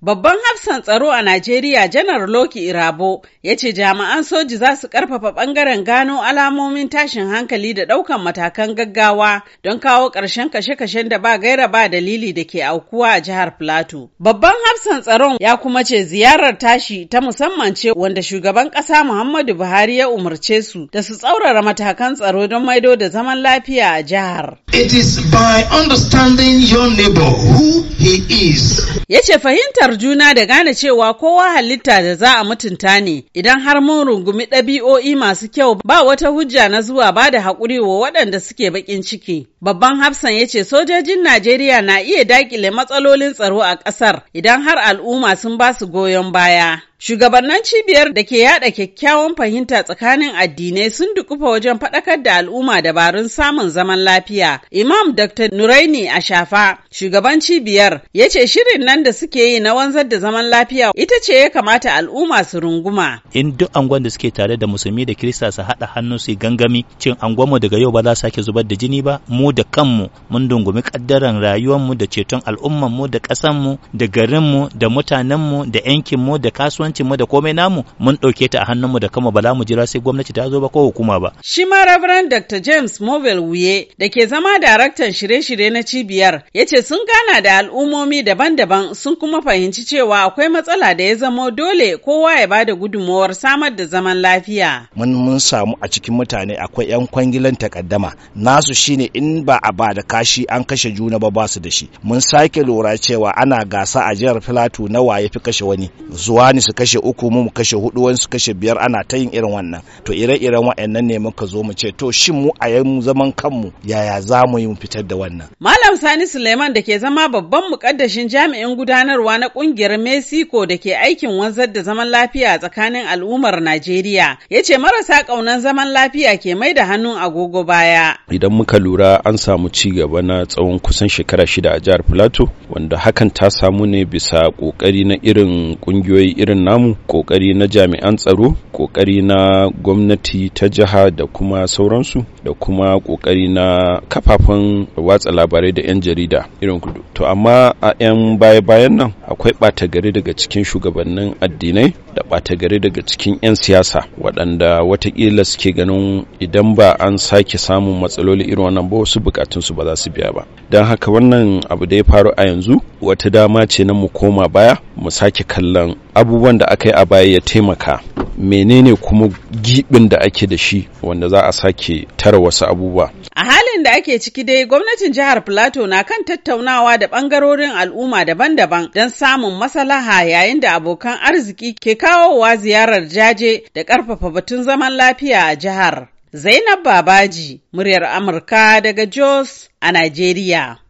Babban hafsan tsaro a Najeriya Janar Loki Irabo ya ce jami'an soji za su ƙarfafa ɓangaren gano alamomin tashin hankali da ɗaukan matakan gaggawa don kawo ƙarshen kashe-kashen da ba gaira ba dalili da ke aukuwa a jihar Plateau. Babban hafsan tsaron ya kuma ce ziyarar tashi ta musamman ce wanda shugaban ƙasa Muhammadu Buhari ya umarce su da su tsaurara matakan tsaro don maido da zaman lafiya a jihar. It is by understanding your neighbor who he is. Yace fahimtar juna da gane cewa kowa halitta da za a mutunta ne idan har mun rungumi ɗabi'o'i masu kyau ba wata hujja na zuwa ba da haƙuri wa waɗanda suke baƙin ciki. Babban Hafsan ya ce sojojin Najeriya na iya daƙile matsalolin tsaro a ƙasar idan har al'umma sun ba su goyon baya. Shugabannin cibiyar da ke yada kyakkyawan fahimta tsakanin addinai sun dukufa wajen faɗakar da al'umma dabarun samun zaman lafiya. Imam Dr. Nuraini Ashafa, shugaban cibiyar, ya ce shirin nan da suke yi na wanzar da zaman lafiya ita ce ya kamata al'umma su runguma. In duk angon da suke tare da musulmi da kirista su haɗa hannu su gangami cin angonmu daga yau ba za sake zubar da jini ba, mu da kanmu mun dungumi kaddaran rayuwarmu da ceton al'ummarmu da mu da garinmu da mutanenmu da yankinmu da kasuwanci kasuwancin mu da komai namu mun ɗauke ta a hannunmu da kama bala mu jira sai gwamnati ta zo ba ko hukuma ba. Shi ma Reverend Dr. James Mobile Wuye da ke zama daraktan shirye-shirye na cibiyar ya ce sun gana da al'ummomi daban-daban sun kuma fahimci cewa akwai matsala da ya zamo dole kowa ya ba da gudunmawar samar da zaman lafiya. Mun mun samu a cikin mutane akwai 'yan kwangilan takaddama nasu shine in ba a ba da kashi an kashe juna ba basu da shi. Mun sake lura cewa ana gasa a jihar Filato na waye fi kashe wani zuwa ni su kashe uku mu kashe hudu wasu kashe biyar ana ta yin irin wannan to ire-iren wa'annan ne muka zo mu ce to shin mu a yan zaman kanmu yaya za mu yi mu fitar da wannan malam sani suleiman da ke zama babban mukaddashin jami'in gudanarwa na kungiyar mesiko da ke aikin wanzar da zaman lafiya tsakanin al'ummar najeriya ya ce marasa kaunan zaman lafiya ke mai da hannun agogo baya idan muka lura an samu ci gaba na tsawon kusan shekara shida a jihar plateau wanda hakan ta samu ne bisa kokari na irin kungiyoyi irin namu kokari na jami'an tsaro kokari na gwamnati ta jiha da kuma sauransu da kuma kokari na kafafen watsa labarai da 'yan jarida irin kudu to amma a 'yan baya-bayan nan akwai ɓata gari daga cikin shugabannin addinai bata gari daga cikin 'yan siyasa waɗanda watakila suke ganin idan ba an sake samun matsaloli irin wannan ba wasu bukatunsu ba za su biya ba don haka wannan abu da ya faru a yanzu wata dama ce na mu koma baya mu sake kallon abubuwan da aka yi a baya ya taimaka menene kuma gibin da ake da shi wanda za a sake tara wasu abubuwa a halin da ake ciki dai gwamnatin jihar plateau na kan tattaunawa da bangarorin al'umma daban-daban don samun masalaha yayin da abokan arziki ke kawowa ziyarar jaje da ƙarfafa batun zaman lafiya a jihar zainab babaji muryar amurka daga jos a najeriya